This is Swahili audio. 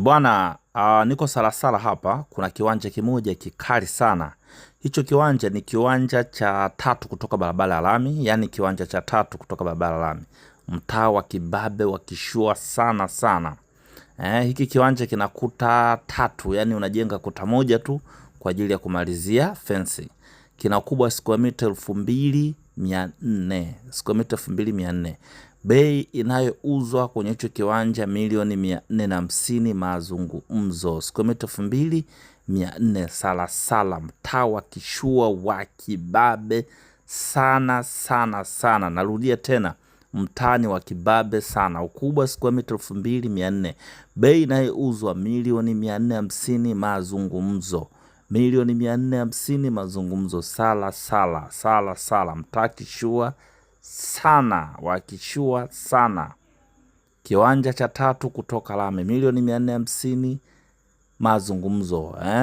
Eh, bwana uh, niko Salasala hapa. Kuna kiwanja kimoja kikali sana. Hicho kiwanja ni kiwanja cha tatu kutoka barabara ya lami, yaani kiwanja cha tatu kutoka barabara ya lami, mtaa wa kibabe wa kishua sana sana. Eh, hiki kiwanja kina kuta tatu, yaani unajenga kuta moja tu kwa ajili ya kumalizia fensi. Kina ukubwa wa siku ya mita elfu mbili 400 square meter 2400 bei inayouzwa kwenye hicho kiwanja milioni mia nne na hamsini mazungumzo square meter elfu mbili mia nne Salasala, mtaa wa kishua wa kibabe sana sana sana, narudia tena mtaani wa kibabe sana. Ukubwa square mita elfu mbili mia nne bei inayouzwa milioni mia nne hamsini mazungumzo milioni mia nne hamsini mazungumzo sala sala sala sala, mtakishua sana wakishua sana. Kiwanja cha tatu kutoka lami milioni mia nne hamsini mazungumzo eh?